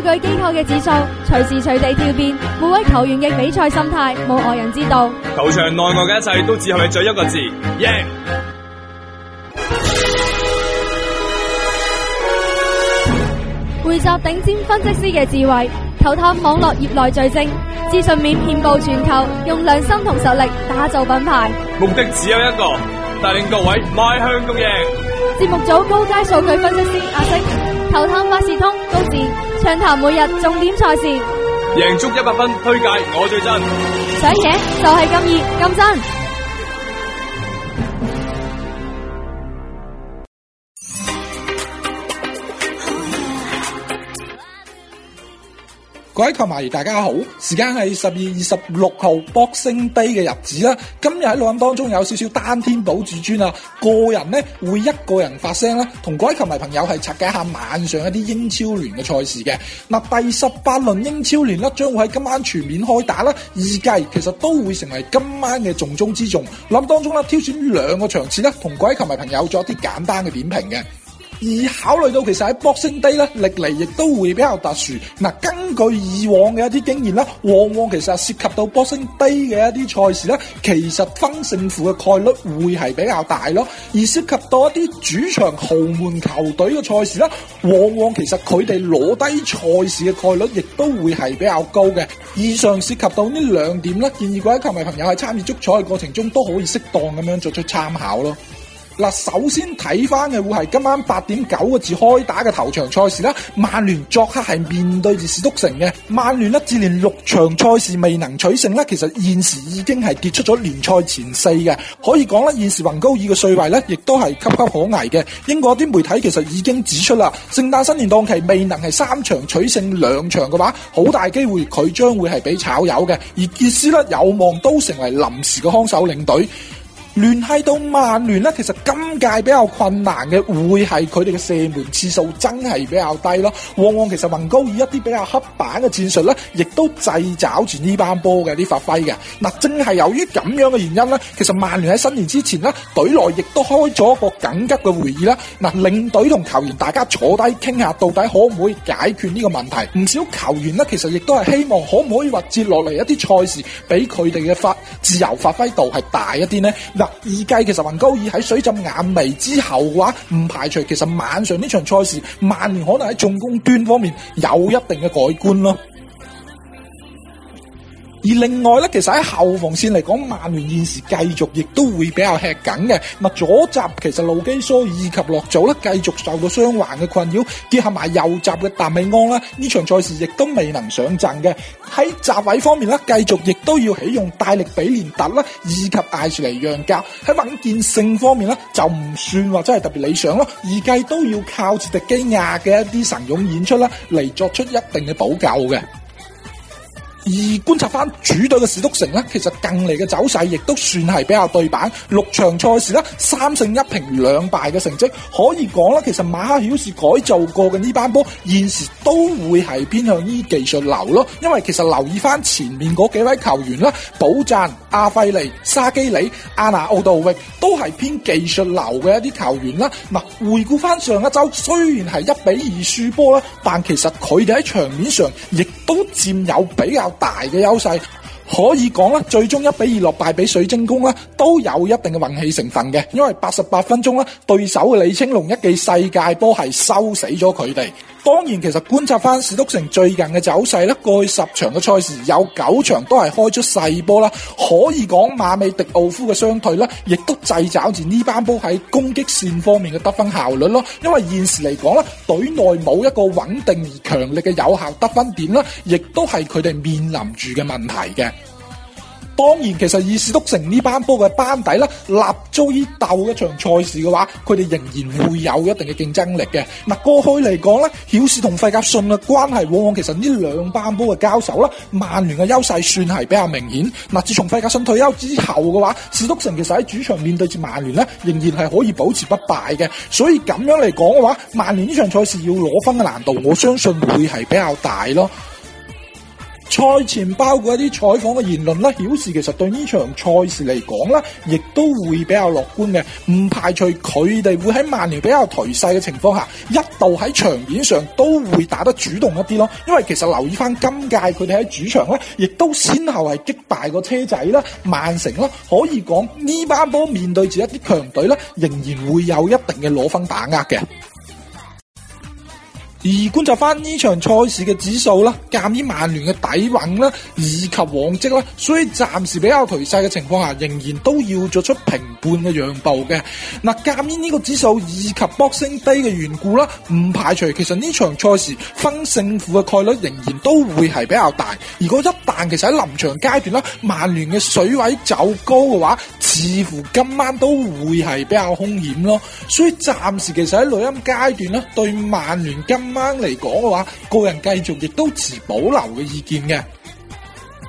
數據機構嘅指數隨時隨地跳變，每位球員嘅比賽心態冇外人知道。球場內外嘅一切都只係最一個字，贏。匯集頂尖分析師嘅智慧，球探網絡業內最精，資訊面遍布全球，用良心同實力打造品牌。目的只有一個，帶領各位邁向共贏。節目組高階數據分析師阿星。球探萬事通，告示暢談每日重點賽事，贏足一百分，推介我最真，想嘢就係咁易咁真。各位球迷大家好，時間係十二月二十六號 Boxing Day 嘅日子啦。今日喺錄音當中有少少單天保至尊啊，個人咧會一個人發聲啦，同各位球迷朋友係拆解下晚上一啲英超聯嘅賽事嘅。嗱，第十八輪英超聯咧將會喺今晚全面開打啦，意計其實都會成為今晚嘅重中之重。諗當中咧，挑選兩個場次咧，同各位球迷朋友做一啲簡單嘅點評嘅。而考慮到其實喺波星低咧，歷嚟亦都會比較特殊。嗱、啊，根據以往嘅一啲經驗啦，往往其實涉及到波星低嘅一啲賽事咧，其實分勝負嘅概率會係比較大咯。而涉及到一啲主場豪門球隊嘅賽事咧，往往其實佢哋攞低賽事嘅概率亦都會係比較高嘅。以上涉及到呢兩點咧，建議各位球迷朋友喺參與足彩嘅過程中都可以適當咁樣作出參考咯。嗱，首先睇翻嘅會係今晚八點九個字開打嘅頭場賽事啦。曼聯作客係面對住史篤城嘅。曼聯咧，接連六場賽事未能取勝咧，其實現時已經係跌出咗聯賽前四嘅。可以講咧，現時雲高爾嘅帥位咧，亦都係岌岌可危嘅。英國啲媒體其實已經指出啦，聖誕新年檔期未能係三場取勝兩場嘅話，好大機會佢將會係被炒魷嘅。而傑斯咧，有望都成為臨時嘅看守領隊。聯繫到曼聯咧，其實今屆比較困難嘅會係佢哋嘅射門次數真係比較低咯。往往其實雲高爾一啲比較黑板嘅戰術咧，亦都製找住呢班波嘅啲發揮嘅。嗱，正係由於咁樣嘅原因咧，其實曼聯喺新年之前咧，隊內亦都開咗一個緊急嘅會議啦。嗱，領隊同球員大家坐低傾下，到底可唔可以解決呢個問題？唔少球員咧，其實亦都係希望可唔可以話接落嚟一啲賽事，俾佢哋嘅發自由發揮度係大一啲咧。嗱。預計其實雲高爾喺水浸眼眉之後嘅話，唔排除其實晚上呢場賽事，曼聯可能喺進攻端方面有一定嘅改觀咯。而另外咧，其實喺後防線嚟講，曼聯現時繼續亦都會比較吃緊嘅。咁左閘其實路基疏以及落祖咧，繼續受到傷患嘅困擾，結合埋右閘嘅達美安啦，呢場賽事亦都未能上陣嘅。喺閘位方面咧，繼續亦都要起用大力比連特啦，以及艾殊尼讓教；喺穩健性方面咧，就唔算話真係特別理想咯，預計都要靠住迪基亞嘅一啲神勇演出啦，嚟作出一定嘅補救嘅。而觀察翻主隊嘅史篤城，呢其實近嚟嘅走勢亦都算係比較對版。六場賽事咧，三勝一平兩敗嘅成績，可以講啦。其實馬克曉士改造過嘅呢班波，現時都會係偏向於技術流咯。因為其實留意翻前面嗰幾位球員啦，保讚、阿費尼、沙基里、阿拿奧道域都係偏技術流嘅一啲球員啦。嗱，回顧翻上一周，雖然係一比二輸波啦，但其實佢哋喺場面上亦都佔有比較大嘅優勢，可以講咧，最終一比二落敗畀水晶宮咧，都有一定嘅運氣成分嘅，因為八十八分鐘咧，對手嘅李青龍一記世界波係收死咗佢哋。當然，其實觀察翻史篤城最近嘅走勢咧，過去十場嘅賽事有九場都係開出細波啦，可以講馬美迪奧夫嘅傷退啦，亦都掣肘住呢班波喺攻擊線方面嘅得分效率咯。因為現時嚟講啦，隊內冇一個穩定而強力嘅有效得分點啦，亦都係佢哋面臨住嘅問題嘅。當然，其實以史篤城呢班波嘅班底咧，立足於鬥一場賽事嘅話，佢哋仍然會有一定嘅競爭力嘅。嗱，過去嚟講咧，曉士同費格遜嘅關係，往往其實呢兩班波嘅交手啦，曼聯嘅優勢算係比較明顯。嗱，自從費格遜退休之後嘅話，史篤城其實喺主場面對住曼聯咧，仍然係可以保持不敗嘅。所以咁樣嚟講嘅話，曼聯呢場賽事要攞分嘅難度，我相信會係比較大咯。賽前包括一啲採訪嘅言論啦，表示其實對呢場賽事嚟講咧，亦都會比較樂觀嘅，唔排除佢哋會喺曼聯比較頹勢嘅情況下，一度喺場面上都會打得主動一啲咯。因為其實留意翻今屆佢哋喺主場咧，亦都先後係擊敗個車仔啦、曼城啦，可以講呢班波面對住一啲強隊咧，仍然會有一定嘅攞分把握嘅。而觀察翻呢場賽事嘅指數啦，鑑於曼聯嘅底蘊啦，以及往績啦，所以暫時比較頹勢嘅情況下，仍然都要做出平半嘅讓步嘅。嗱，鑑於呢個指數以及 Boxing Day 嘅緣故啦，唔排除其實呢場賽事分勝負嘅概率仍然都會係比較大。如果一旦其實喺臨場階段啦，曼聯嘅水位走高嘅話，似乎今晚都會係比較凶險咯。所以暫時其實喺錄音階段啦，對曼聯今今晚嚟講嘅話，個人繼續亦都持保留嘅意見嘅。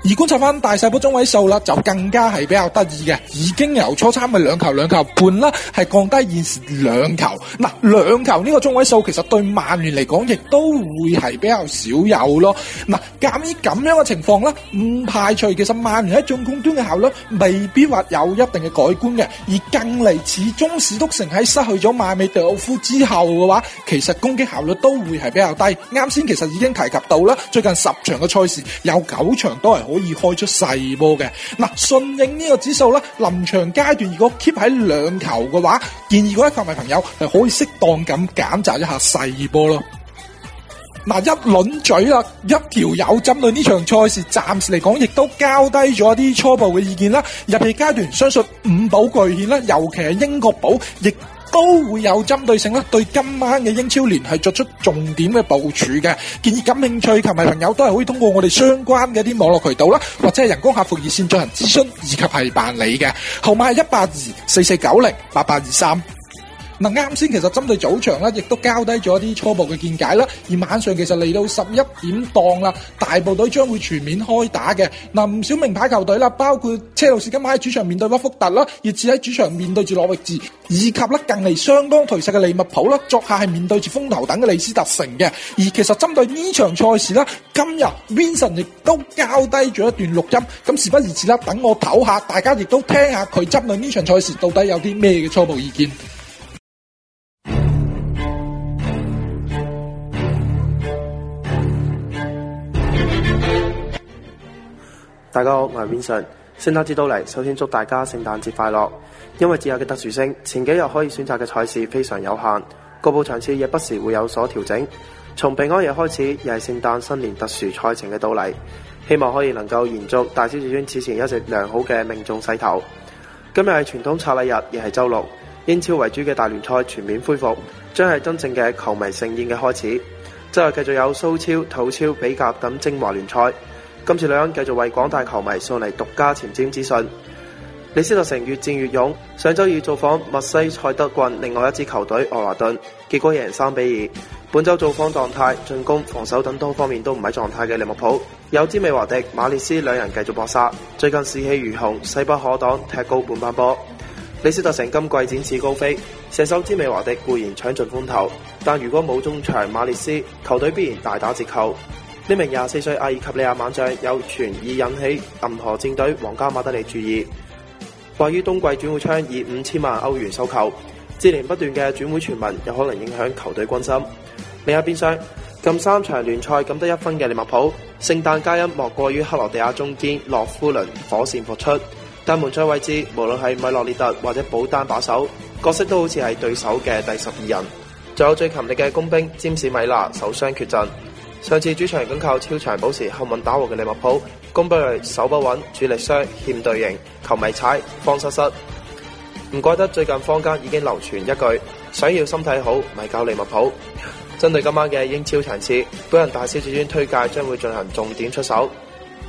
而觀察翻大細波中位數啦，就更加係比較得意嘅，已經由初盤嘅兩球兩球半啦，係降低現時兩球。嗱，兩球呢個中位數其實對曼聯嚟講亦都會係比較少有咯。嗱，鑒於咁樣嘅情況啦，唔排除其實曼聯喺進攻端嘅效率未必話有一定嘅改觀嘅。而近嚟，始終史篤城喺失去咗馬美迪奧夫之後嘅話，其實攻擊效率都會係比較低。啱先其實已經提及到啦，最近十場嘅賽事有九場都係。可以開出細波嘅。嗱、啊，順應呢個指數咧，臨場階段如果 keep 喺兩球嘅話，建議各位球迷朋友係可以適當咁減窄一下細波咯。嗱、啊，一輪嘴啦，一條友針對呢場賽事，暫時嚟講亦都交低咗啲初步嘅意見啦。入夜階段，相信五寶巨獻啦，尤其係英國寶，亦。都會有針對性啦，對今晚嘅英超聯賽作出重點嘅部署嘅建議，感興趣球迷朋友都係可以通過我哋相關嘅啲網絡渠道啦，或者係人工客服熱線進行諮詢以及係辦理嘅，號碼係一八二四四九零八八二三。嗱，啱先其實針對早場咧，亦都交低咗一啲初步嘅見解啦。而晚上其實嚟到十一點檔啦，大部隊將會全面開打嘅。嗱，唔少名牌球隊啦，包括車路士今晚喺主場面對屈福特啦，熱刺喺主場面對住諾域治，以及咧近嚟相當頹勢嘅利物浦啦，作客係面對住風頭等嘅利斯特城嘅。而其實針對呢場賽事啦，今日 Vincent 亦都交低咗一段錄音，咁時不宜遲啦，等我唞下，大家亦都聽下佢針對呢場賽事到底有啲咩嘅初步意見。大家好，我係 Vincent，聖誕節到嚟，首先祝大家聖誕節快樂。因為節日嘅特殊性，前幾日可以選擇嘅賽事非常有限，各部場次亦不時會有所調整。從平安夜開始，又係聖誕新年特殊賽程嘅到嚟，希望可以能夠延續大霄至尊此前一直良好嘅命中勢頭。今日係傳統拆禮日，亦係週六，英超為主嘅大聯賽全面恢復，將係真正嘅球迷盛宴嘅開始。之後繼續有蘇超、土超、比甲等精華聯賽。今次兩人繼續為廣大球迷送嚟獨家前瞻資訊。李斯特城越戰越勇，上週已造訪墨西塞德郡另外一支球隊愛華頓，結果贏三比二。本週造訪狀態、進攻、防守等多方面都唔喺狀態嘅利物浦，有支美華迪、馬列斯兩人繼續搏殺。最近士氣如虹，勢不可擋，踢高半班波。李斯特城今季展翅高飛，射手支美華迪固然搶盡風頭，但如果冇中場馬列斯，球隊必然大打折扣。呢名廿四歲阿爾及利亞猛將有傳已引起銀河戰隊皇家馬德里注意，關於冬季轉會窗以五千萬歐元收購。接連不斷嘅轉會傳聞有可能影響球隊軍心。另一邊廂，近三場聯賽僅得一分嘅利物浦，聖誕佳音莫過於克羅地亞中堅洛夫倫火線復出，但門將位置無論係米洛列特或者保丹把守，角色都好似係對手嘅第十二人。仲有最勤力嘅工兵詹士米娜受傷缺陣。上次主場僅靠超長補時幸運打和嘅利物浦，攻不銳、守不穩、主力傷、欠隊形、球迷踩、慌失失。唔怪得最近坊間已經流傳一句：想要身體好，咪教利物浦。針對今晚嘅英超場次，本人大小至尊推介將會進行重點出手，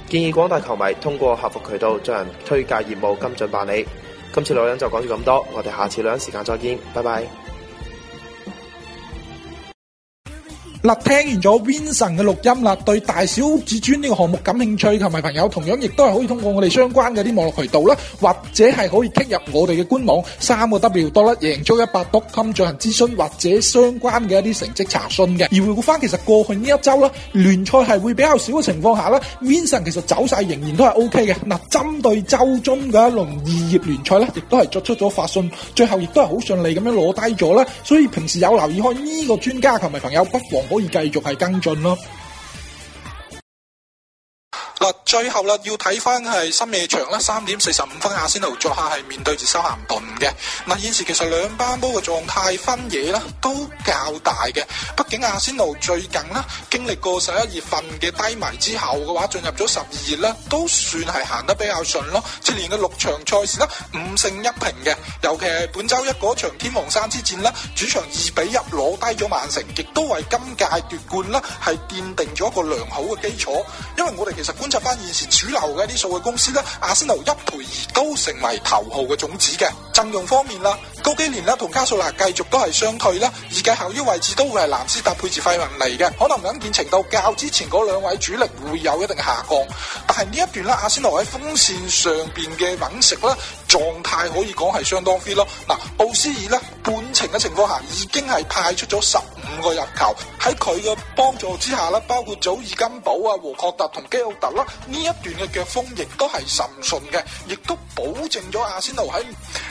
建議廣大球迷通過客服渠道進行推介業務跟進辦理。今次老友就講住咁多，我哋下次兩時間再見，拜拜。嗱，聽完咗 Vincent 嘅錄音啦，對大小至尊呢個項目感興趣，球迷朋友同樣亦都係可以通過我哋相關嘅啲網絡渠道啦，或者係可以進入我哋嘅官網，三個 W 多啦，贏足一百 dot com，進行諮詢或者相關嘅一啲成績查詢嘅。而回顧翻，其實過去呢一周啦，聯賽係會比較少嘅情況下啦對，Vincent 其實走勢仍然都係 O K 嘅。嗱，針對周中嘅一輪二葉聯賽咧，亦都係作出咗發信，最後亦都係好順利咁樣攞低咗啦。所以平時有留意開呢個專家球迷朋友不妨。可以繼續係跟進咯。最後啦，要睇翻係深夜場啦，三點四十五分，阿仙奴作客係面對住修咸頓嘅。嗱，現時其實兩班波嘅狀態分野咧都較大嘅。畢竟阿仙奴最近咧經歷過十一月份嘅低迷之後嘅話，進入咗十二月咧都算係行得比較順咯。接連嘅六場賽事咧五勝一平嘅，尤其係本周一嗰場天王山之戰咧，主場二比一攞低咗曼城，亦都爲今屆奪冠啦係奠定咗一個良好嘅基礎。因爲我哋其實觀察翻。現時主流嘅啲數據公司咧，阿仙奴一賠二都成為頭號嘅種子嘅，陣容方面啦，高幾年咧同加索拿繼續都係相去啦，而繼後腰位置都會係藍斯搭配置費雲嚟嘅，可能穩健程度較之前嗰兩位主力會有一定下降，但係呢一段咧阿仙奴喺鋒線上邊嘅揾食啦，狀態可以講係相當 fit 咯。嗱，奧斯爾咧，半程嘅情況下已經係派出咗十五個入球。喺佢嘅幫助之下咧，包括祖爾金寶啊、和確特同基奧特，啦，呢一段嘅腳風亦都係甚順嘅，亦都保證咗阿仙奴喺，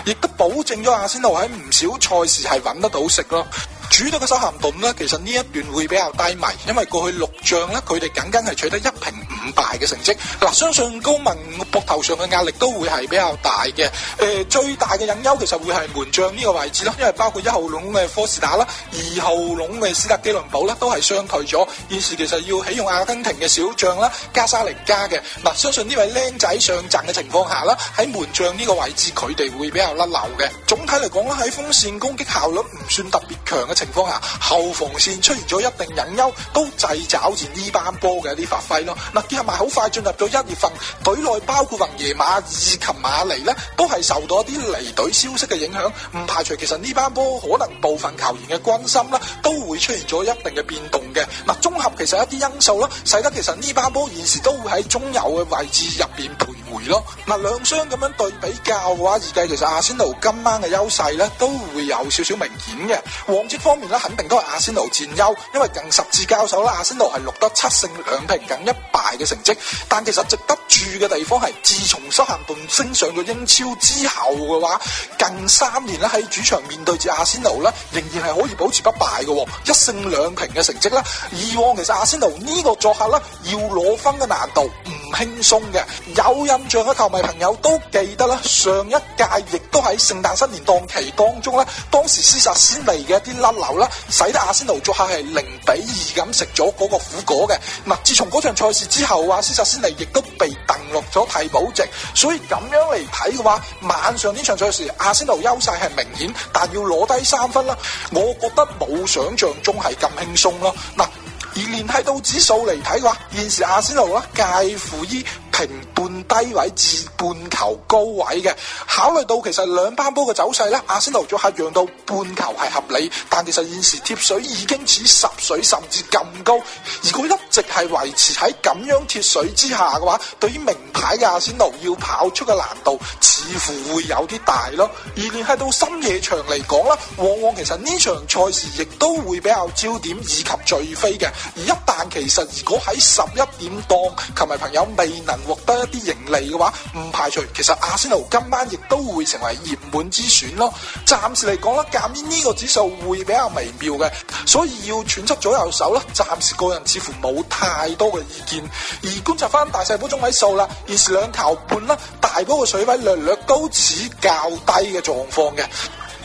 亦都保證咗阿仙奴喺唔少賽事係揾得到食咯。主隊嘅修咸頓呢，其實呢一段會比較低迷，因為過去六仗呢，佢哋僅僅係取得一平五敗嘅成績。嗱，相信高文膊頭上嘅壓力都會係比較大嘅。誒、呃，最大嘅隱憂其實會係門將呢個位置咯，因為包括一號龍嘅科士打啦，二號龍嘅斯特基倫堡呢，都係傷退咗。現時其實要起用阿根廷嘅小將啦，加沙尼加嘅。嗱，相信呢位僆仔上陣嘅情況下啦，喺門將呢個位置佢哋會比較甩漏嘅。總體嚟講咧，喺風扇攻擊效率唔算特別強嘅情況下，後防線出現咗一定隱憂，都掣肘住呢班波嘅一啲發揮咯。嗱，結合埋好快進入咗一月份，隊內包括雲耶馬以及馬尼咧，都係受到一啲離隊消息嘅影響，唔排除其實呢班波可能部分球員嘅軍心啦，都會出現咗一定嘅變動嘅。嗱，綜合其實一啲因素啦，使得其實呢班波現時都會喺中游嘅位置入邊陪回咯，嗱兩雙咁樣對比較嘅話，而家其實阿仙奴今晚嘅優勢咧都會有少少明顯嘅，往績方面咧肯定都係阿仙奴佔優，因為近十次交手啦，阿仙奴係錄得七勝兩平近一敗嘅成績，但其實值得注意嘅地方係，自從白禮頓升上咗英超之後嘅話，近三年咧喺主場面對住阿仙奴咧，仍然係可以保持不敗嘅，一勝兩平嘅成績啦，以往其實阿仙奴個呢個作客咧要攞分嘅難度。輕鬆嘅，有印象嘅球迷朋友都記得啦。上一屆亦都喺聖誕新年檔期當中咧，當時施薩仙尼嘅啲甩流啦，使得阿仙奴作客係零比二咁食咗嗰個苦果嘅。嗱，自從嗰場賽事之後，阿施薩仙尼亦都被鄧落咗替補席，所以咁樣嚟睇嘅話，晚上呢場賽事阿仙奴優勢係明顯，但要攞低三分啦。我覺得冇想象中係咁輕鬆咯。嗱。而聯繫到指數嚟睇嘅話，現時阿仙奴咧介乎於平半低位至半球高位嘅，考慮到其實兩班波嘅走勢咧，阿仙奴作客讓到半球係合理，但其實現時貼水已經似十水甚至咁高，如果一直係維持喺咁樣貼水之下嘅話，對於名牌嘅阿仙奴要跑出嘅難度似乎會有啲大咯。而聯繫到深夜場嚟講啦，往往其實呢場賽事亦都會比較焦點以及最飛嘅。而一旦其實如果喺十一點檔，球迷朋友未能。獲得一啲盈利嘅話，唔排除其實阿仙奴今晚亦都會成為熱門之選咯。暫時嚟講咧，介面呢個指數會比較微妙嘅，所以要揣測左右手啦。暫時個人似乎冇太多嘅意見，而觀察翻大細波中位數啦，現時兩頭半啦，大波嘅水位略，略略都似較，較，較，較，較，較低嘅狀況嘅。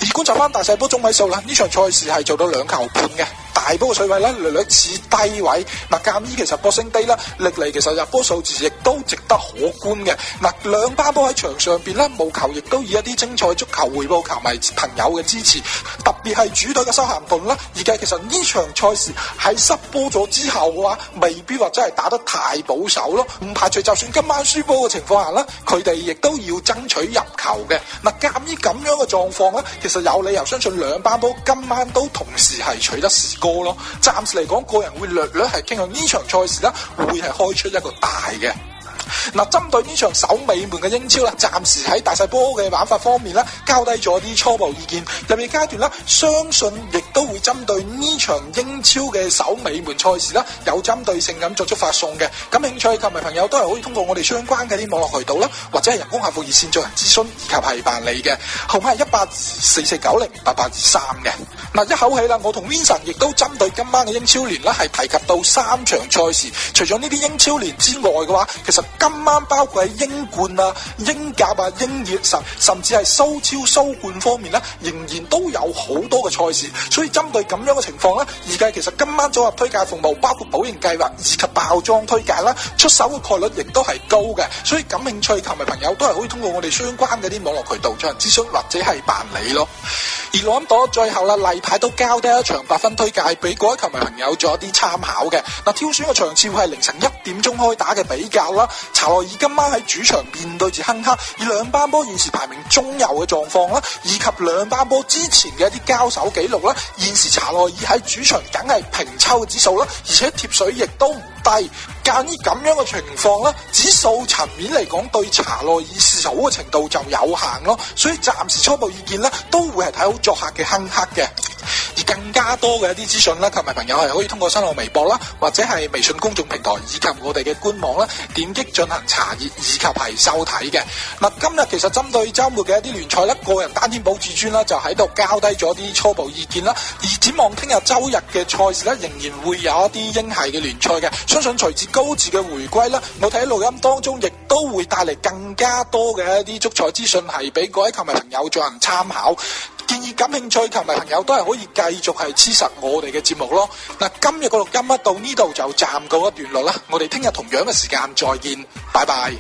而觀察翻大細波中位數啦，呢場賽事係做到兩球半嘅大波嘅水位咧，略略似低位。嗱、呃，鑑於其實波升低啦，歷嚟其實入波數字亦都值得可觀嘅。嗱、呃，兩班波喺場上邊咧，冇球亦都以一啲精彩足球回報球迷朋友嘅支持。特別係主隊嘅收閑盤啦，而家其實呢場賽事喺失波咗之後嘅話，未必話真係打得太保守咯。唔排除就算今晚輸波嘅情況下啦，佢哋亦都要爭取入球嘅。嗱、呃，鑑於咁樣嘅狀況啦。呃其實有理由相信兩班波今晚都同時係取得時歌咯。暫時嚟講，個人會略略係傾向呢場賽事啦，會係開出一個大嘅。嗱，針對呢場首尾門嘅英超啦，暫時喺大細波嘅玩法方面咧，交低咗啲初步意見。入面階段咧，相信亦都會針對呢場英超嘅首尾門賽事啦，有針對性咁作出發送嘅。感興趣嘅球迷朋友都係可以通過我哋相關嘅啲網絡渠道啦，或者係人工客服熱線進行諮詢以及係辦理嘅，號碼係一八二四四九零八八二三嘅。嗱，一口氣啦，我同 Vincent 亦都針對今晚嘅英超聯啦，係提及到三場賽事。除咗呢啲英超聯之外嘅話，其實今晚包括喺英冠啊、英甲啊、英乙甚甚至係蘇超、蘇冠方面咧，仍然都有好多嘅賽事。所以針對咁樣嘅情況咧，而家其實今晚組合推介服務，包括保贏計劃以及爆莊推介啦，出手嘅概率亦都係高嘅。所以感興趣嘅球迷朋友都係可以通過我哋相關嘅啲網絡渠道進行諮詢或者係辦理咯。而朗朵最後啦，例牌都交低一場百分推介俾各位球迷朋友做一啲參考嘅。嗱，挑選嘅場次會係凌晨一點鐘開打嘅比較啦。查洛爾今晚喺主場面對住亨克，以兩班波現時排名中游嘅狀況啦，以及兩班波之前嘅一啲交手紀錄啦，現時查洛爾喺主場梗係平抽指數啦，而且貼水亦都唔低。鑒於咁樣嘅情況啦，指數層面嚟講對查洛爾示好嘅程度就有限咯，所以暫時初步意見咧都會係睇好作客嘅亨克嘅。更加多嘅一啲資訊啦，球迷朋友係可以通過新浪微博啦，或者係微信公眾平台以及我哋嘅官網啦，點擊進行查閱以及係收睇嘅。嗱，今日其實針對周末嘅一啲聯賽啦，個人單天保至尊啦，就喺度交低咗啲初步意見啦。而展望聽日周日嘅賽事咧，仍然會有一啲英系嘅聯賽嘅。相信隨住高智嘅回歸啦，我睇喺錄音當中亦都會帶嚟更加多嘅一啲足彩資訊，係俾各位球迷朋友進行參考。建議感興趣球迷朋友都係可以繼續係黐實我哋嘅節目咯。嗱、啊，今日個錄音到呢度就暫告一段落啦。我哋聽日同樣嘅時間再見，拜拜。